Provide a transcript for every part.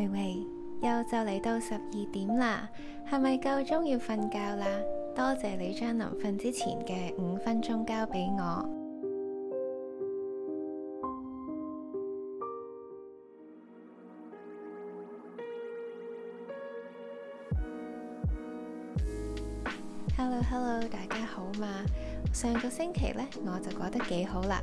喂喂，又就嚟到十二點啦，係咪夠鐘要瞓覺啦？多謝你將臨瞓之前嘅五分鐘交俾我。Hello Hello，大家好嘛？上個星期呢，我就過得幾好啦。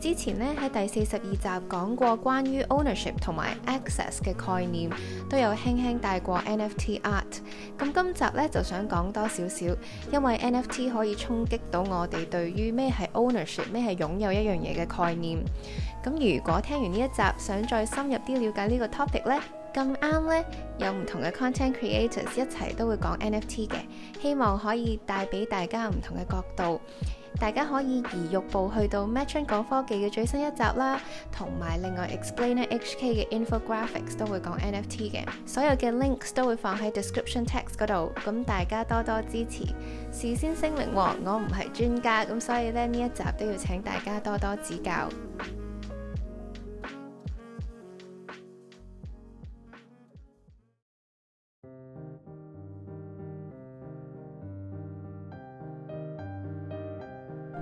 之前咧喺第四十二集講過關於 ownership 同埋 access 嘅概念，都有輕輕帶過 NFT art。咁今集咧就想講多少少，因為 NFT 可以衝擊到我哋對於咩係 ownership，咩係擁有一樣嘢嘅概念。咁如果聽完呢一集想再深入啲了解呢個 topic 呢，咁啱呢，有唔同嘅 content creators 一齊都會講 NFT 嘅，希望可以帶俾大家唔同嘅角度。大家可以移玉步去到 Madchun 講科技嘅最新一集啦，同埋另外 Explainer HK 嘅 Infographics 都會講 NFT 嘅，所有嘅 links 都會放喺 description text 嗰度，咁大家多多支持。事先聲明喎，我唔係專家，咁所以呢一集都要請大家多多指教。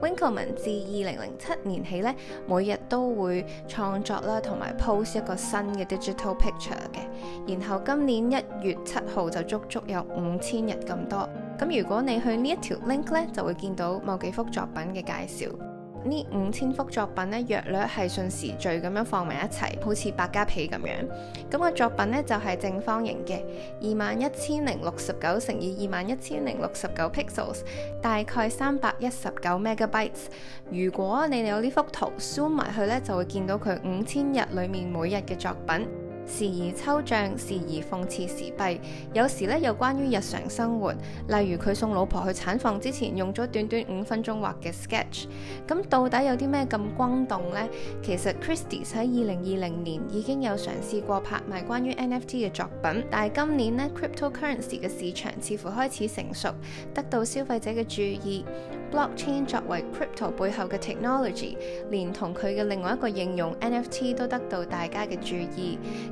Winkelmann 自二零零七年起咧，每日都會創作啦，同埋 post 一個新嘅 digital picture 嘅。然後今年一月七號就足足有五千日咁多。咁如果你去呢一條 link 咧，就會見到某幾幅作品嘅介紹。呢五千幅作品呢，約略係順時序咁樣放埋一齊，好似百家被咁樣。咁個作品呢，就係正方形嘅，二萬一千零六十九乘以二萬一千零六十九 pixels，大概三百一十九 megabytes。如果你哋有呢幅圖，zoom 埋去呢，就會見到佢五千日裏面每日嘅作品。時而抽象，時而諷刺時弊，有時咧又關於日常生活，例如佢送老婆去產房之前，用咗短短五分鐘畫嘅 sketch。咁到底有啲咩咁轟動呢？其實 Christie's 喺二零二零年已經有嘗試過拍賣關於 NFT 嘅作品，但係今年呢，cryptocurrency 嘅市場似乎開始成熟，得到消費者嘅注意。Blockchain 作為 crypto 背後嘅 technology，連同佢嘅另外一個應用 NFT 都得到大家嘅注意。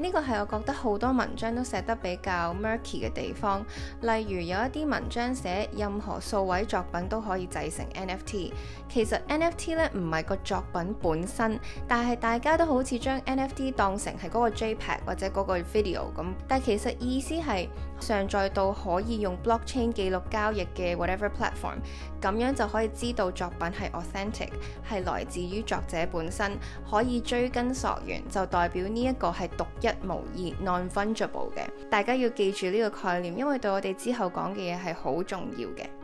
呢個係我覺得好多文章都寫得比較 murky 嘅地方，例如有一啲文章寫任何數位作品都可以製成 NFT，其實 NFT 咧唔係個作品本身，但係大家都好似將 NFT 當成係個 JPEG 或者個 video 咁，但其實意思係上載到可以用 blockchain 記錄交易嘅 whatever platform，咁樣就可以知道作品係 authentic，係來自於作者本身，可以追根溯源，就代表呢一個係獨一。一無二 non-fungible 嘅。大家要記住呢個概念，因為對我哋之後講嘅嘢係好重要嘅。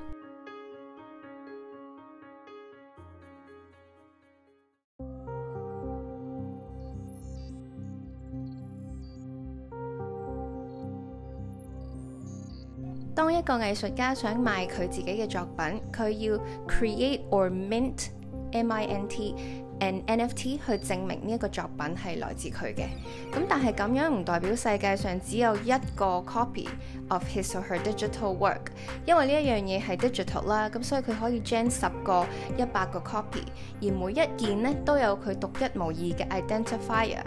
當一個藝術家想賣佢自己嘅作品，佢要 create or mint，M-I-N-T。I N T, NFT 去證明呢一個作品係來自佢嘅，咁但係咁樣唔代表世界上只有一個 copy of his or her digital work，因為呢一樣嘢係 digital 啦，咁所以佢可以 gen 十個、一百個 copy，而每一件咧都有佢獨一無二嘅 identifier，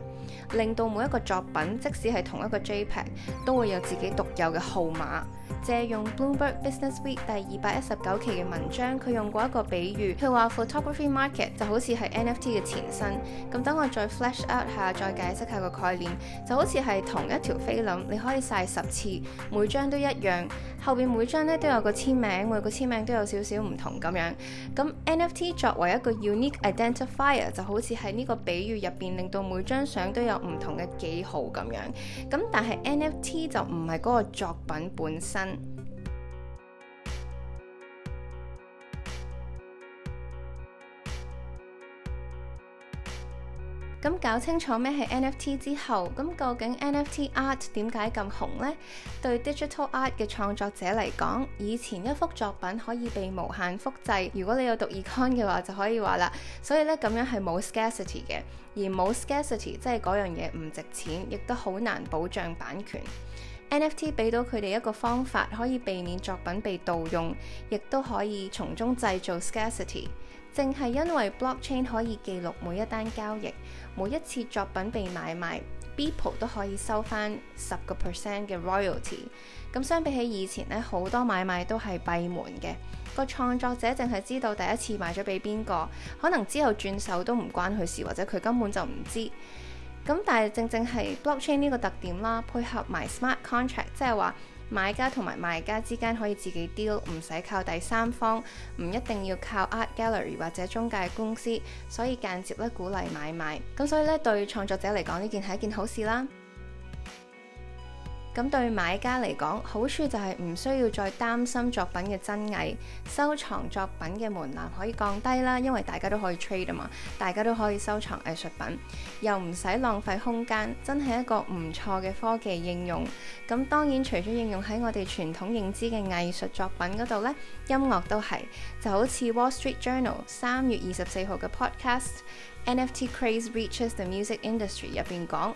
令到每一個作品即使係同一個 JPEG 都會有自己獨有嘅號碼。借用《Bloomberg Business Week》第二百一十九期嘅文章，佢用過一個比喻，佢話 photography market 就好似係 NFT 嘅前身。咁等我再 flash out 下，再解釋下個概念，就好似係同一條菲林，你可以晒十次，每張都一樣。後邊每張咧都有個簽名，每個簽名都有少少唔同咁樣。咁 NFT 作為一個 unique identifier，就好似係呢個比喻入邊令到每張相都有唔同嘅記號咁樣。咁但係 NFT 就唔係嗰個作品本身。咁搞清楚咩係 NFT 之後，咁究竟 NFT art 點解咁紅呢？對 digital art 嘅創作者嚟講，以前一幅作品可以被無限複製。如果你有讀 econ 嘅話，就可以話啦。所以咧咁樣係冇 scarcity 嘅，而冇 scarcity 即係嗰樣嘢唔值錢，亦都好難保障版權。NFT 俾到佢哋一個方法，可以避免作品被盜用，亦都可以從中製造 scarcity。正係因為 blockchain 可以記錄每一單交易。每一次作品被買賣，Beeple 都可以收翻十個 percent 嘅 royalty。咁相比起以前咧，好多買賣都係閉門嘅，個創作者淨係知道第一次買咗俾邊個，可能之後轉手都唔關佢事，或者佢根本就唔知。咁但係正正係 blockchain 呢個特點啦，配合埋 smart contract，即係話。買家同埋賣家之間可以自己 deal，唔使靠第三方，唔一定要靠 art gallery 或者中介公司，所以間接咧，鼓勵買賣，咁所以咧對創作者嚟講呢件係一件好事啦。咁對買家嚟講，好處就係唔需要再擔心作品嘅真偽，收藏作品嘅門檻可以降低啦，因為大家都可以 trade 啊嘛，大家都可以收藏藝術品，又唔使浪費空間，真係一個唔錯嘅科技應用。咁當然除咗應用喺我哋傳統認知嘅藝術作品嗰度呢，音樂都係，就好似 Wall Street Journal 三月二十四號嘅 podcast，NFT craze reaches the music industry 入邊講。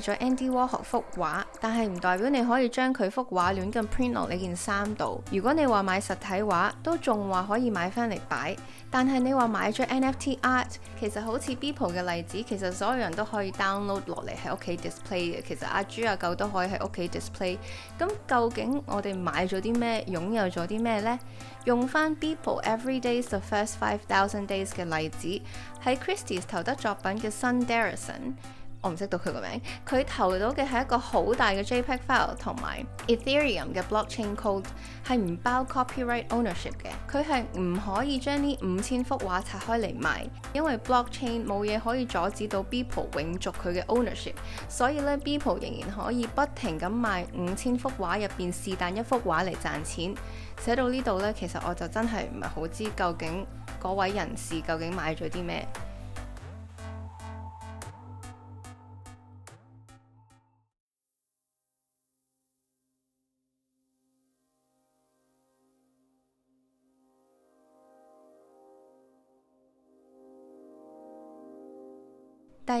買咗 Andy Warhol 幅畫，但係唔代表你可以將佢幅畫亂咁 print 落你件衫度。如果你話買實體畫，都仲話可以買返嚟擺。但係你話買咗 NFT art，其實好似 Beeple 嘅例子，其實所有人都可以 download 落嚟喺屋企 display。其實阿豬阿狗都可以喺屋企 display。噉究竟我哋買咗啲咩，擁有咗啲咩呢？用返 Beeple Everydays The First Five Thousand Days 嘅例子，係 Christie's 投得作品嘅 Sundaresan。我唔識讀佢個名，佢投到嘅係一個好大嘅 JPEG file，同埋 Ethereum 嘅 blockchain code 係唔包 copyright ownership 嘅，佢係唔可以將呢五千幅畫拆開嚟賣，因為 blockchain 冇嘢可以阻止到 Beeple 永續佢嘅 ownership，所以咧 Beeple 仍然可以不停咁賣五千幅畫入邊是但一幅畫嚟賺錢。寫到呢度咧，其實我就真係唔係好知究竟嗰位人士究竟買咗啲咩。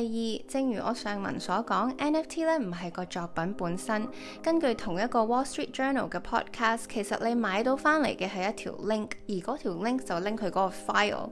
第二，正如我上文所講，NFT 咧唔係個作品本身。根據同一個《Wall Street Journal》嘅 Podcast，其實你買到翻嚟嘅係一條 link，而嗰條 link 就拎佢嗰個 file。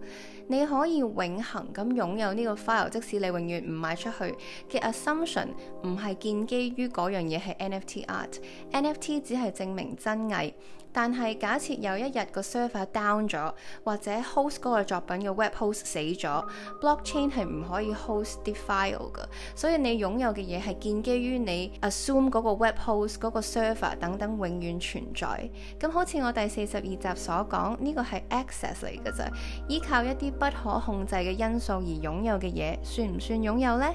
你可以永恆咁擁有呢個 file，即使你永遠唔賣出去嘅 assumption 唔係建基於嗰樣嘢係 art, NFT art，NFT 只係證明真偽。但係假設有一日個 server down 咗，或者 host 嗰個作品嘅 web host 死咗，blockchain 係唔可以 host 啲 file 噶。所以你擁有嘅嘢係建基於你 assume 嗰個 web host 嗰個 server 等等永遠存在。咁好似我第四十二集所講，呢個係 access 嚟噶咋，依靠一啲不可控制嘅因素而擁有嘅嘢，算唔算擁有呢？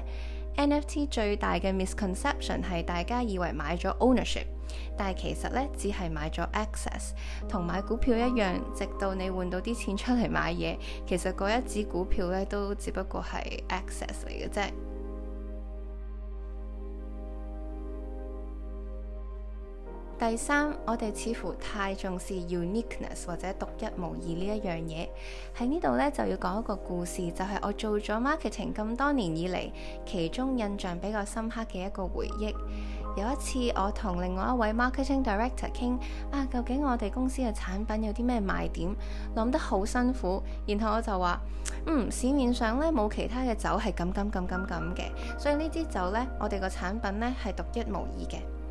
NFT 最大嘅 misconception 係大家以為買咗 ownership，但係其實咧只係買咗 access，同買股票一樣。直到你換到啲錢出嚟買嘢，其實嗰一支股票咧都只不過係 access 嚟嘅啫。第三，我哋似乎太重視 uniqueness 或者獨一無二呢一樣嘢喺呢度呢，就要講一個故事，就係我做咗 marketing 咁多年以嚟，其中印象比較深刻嘅一個回憶。有一次，我同另外一位 marketing director 傾，啊，究竟我哋公司嘅產品有啲咩賣點？諗得好辛苦，然後我就話：嗯，市面上呢冇其他嘅酒係咁咁咁咁咁嘅，所以呢支酒呢，我哋個產品呢係獨一無二嘅。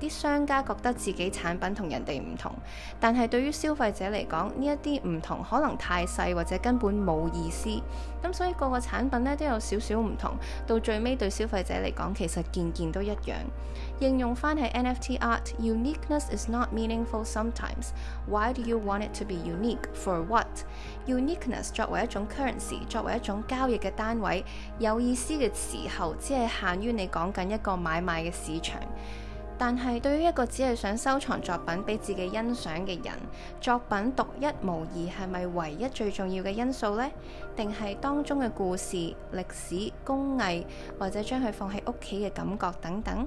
啲商家覺得自己產品同人哋唔同，但係對於消費者嚟講，呢一啲唔同可能太細，或者根本冇意思。咁所以個個產品咧都有少少唔同，到最尾對消費者嚟講，其實件件都一樣。應用翻喺 NFT art，uniqueness is not meaningful sometimes. Why do you want it to be unique? For what? Uniqueness 作為一種 currency，作為一種交易嘅單位，有意思嘅時候，只係限於你講緊一個買賣嘅市場。但係對於一個只係想收藏作品俾自己欣賞嘅人，作品獨一無二係咪唯一最重要嘅因素呢？定係當中嘅故事、歷史、工藝，或者將佢放喺屋企嘅感覺等等？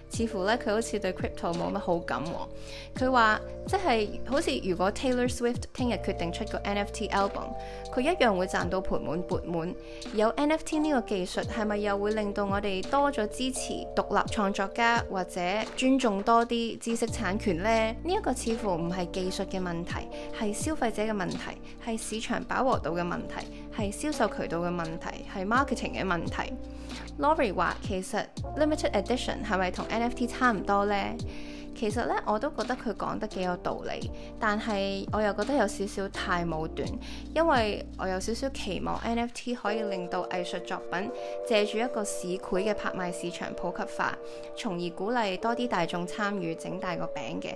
似乎咧，佢好似對 crypto 冇乜好感喎。佢話即係好似如果 Taylor Swift 聽日決定出個 NFT album，佢一樣會賺到盤滿缽滿。有 NFT 呢個技術係咪又會令到我哋多咗支持獨立創作家或者尊重多啲知識產權呢？呢一個似乎唔係技術嘅問題，係消費者嘅問題，係市場飽和度嘅問題。係銷售渠道嘅問題，係 marketing 嘅問題。Laurie 話：其實 limited edition 係咪同 NFT 差唔多呢？其實呢，我都覺得佢講得幾有道理，但係我又覺得有少少太武斷，因為我有少少期望 NFT 可以令到藝術作品借住一個市儈嘅拍賣市場普及化，從而鼓勵多啲大眾參與整大個餅嘅。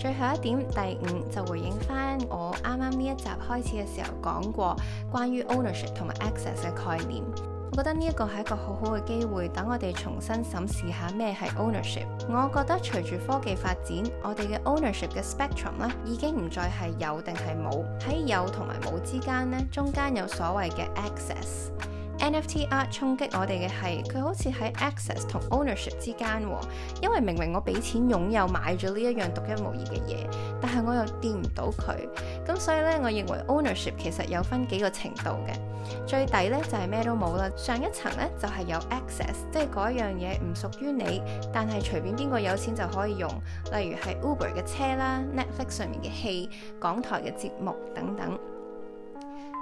最後一點，第五就回應翻我啱啱呢一集開始嘅時候講過關於 ownership 同埋 access 嘅概念，我覺得呢一個係一個好好嘅機會，等我哋重新審視下咩係 ownership。我覺得隨住科技發展，我哋嘅 ownership 嘅 spectrum 呢，已經唔再係有定係冇，喺有同埋冇之間呢，中間有所謂嘅 access。NFT art 衝擊我哋嘅係，佢好似喺 access 同 ownership 之間喎，因為明明我俾錢擁有買咗呢一樣獨一無二嘅嘢，但係我又掂唔到佢，咁所以呢，我認為 ownership 其實有分幾個程度嘅，最底呢就係咩都冇啦，上一層呢就係有 access，即係嗰樣嘢唔屬於你，但係隨便邊個有錢就可以用，例如係 Uber 嘅車啦、Netflix 上面嘅戲、港台嘅節目等等。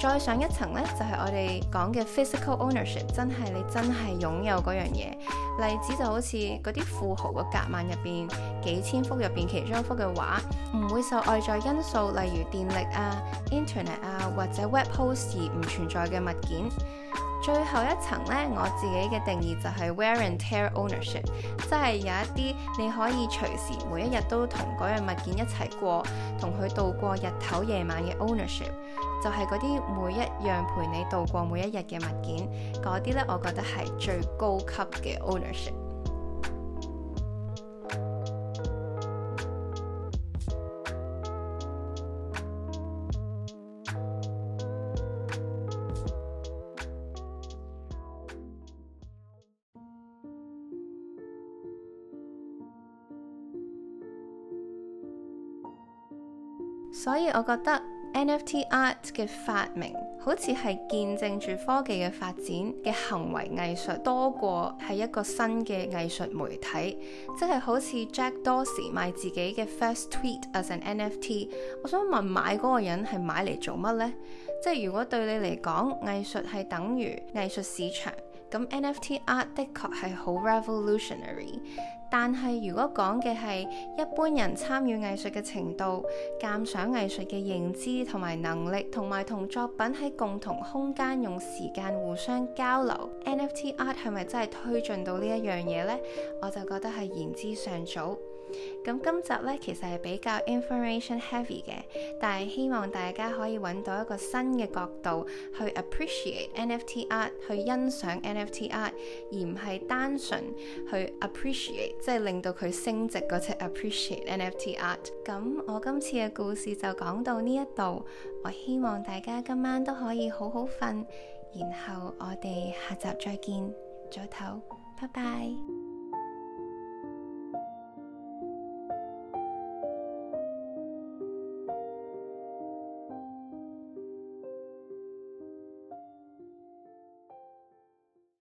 再上一層呢，就係、是、我哋講嘅 physical ownership，真係你真係擁有嗰樣嘢。例子就好似嗰啲富豪嘅夾萬入邊幾千幅入邊其中一幅嘅畫，唔會受外在因素，例如電力啊、internet 啊或者 web host 而唔存在嘅物件。最後一層呢，我自己嘅定義就係 wear and tear ownership，即係有一啲你可以隨時每一日都同嗰樣物件一齊過，同佢度過日頭夜晚嘅 ownership，就係嗰啲每一樣陪你度過每一日嘅物件，嗰啲呢，我覺得係最高級嘅 ownership。所以我覺得 NFT art 嘅發明好似係見證住科技嘅發展嘅行為藝術多過係一個新嘅藝術媒體，即係好似 Jack Dorsey 賣自己嘅 first tweet as an NFT。我想問買嗰個人係買嚟做乜咧？即係如果對你嚟講藝術係等於藝術市場。咁 NFT art 的確係好 revolutionary，但係如果講嘅係一般人參與藝術嘅程度、鑑賞藝術嘅認知同埋能力，同埋同作品喺共同空間用時間互相交流，NFT art 係咪真係推進到呢一樣嘢呢？我就覺得係言之尚早。咁今集呢，其實係比較 information heavy 嘅，但係希望大家可以揾到一個新嘅角度去 appreciate NFT art，去欣賞 NFT art，而唔係單純去 appreciate，即係令到佢升值嗰隻 appreciate NFT art。咁我今次嘅故事就講到呢一度，我希望大家今晚都可以好好瞓，然後我哋下集再見，早唞，拜拜。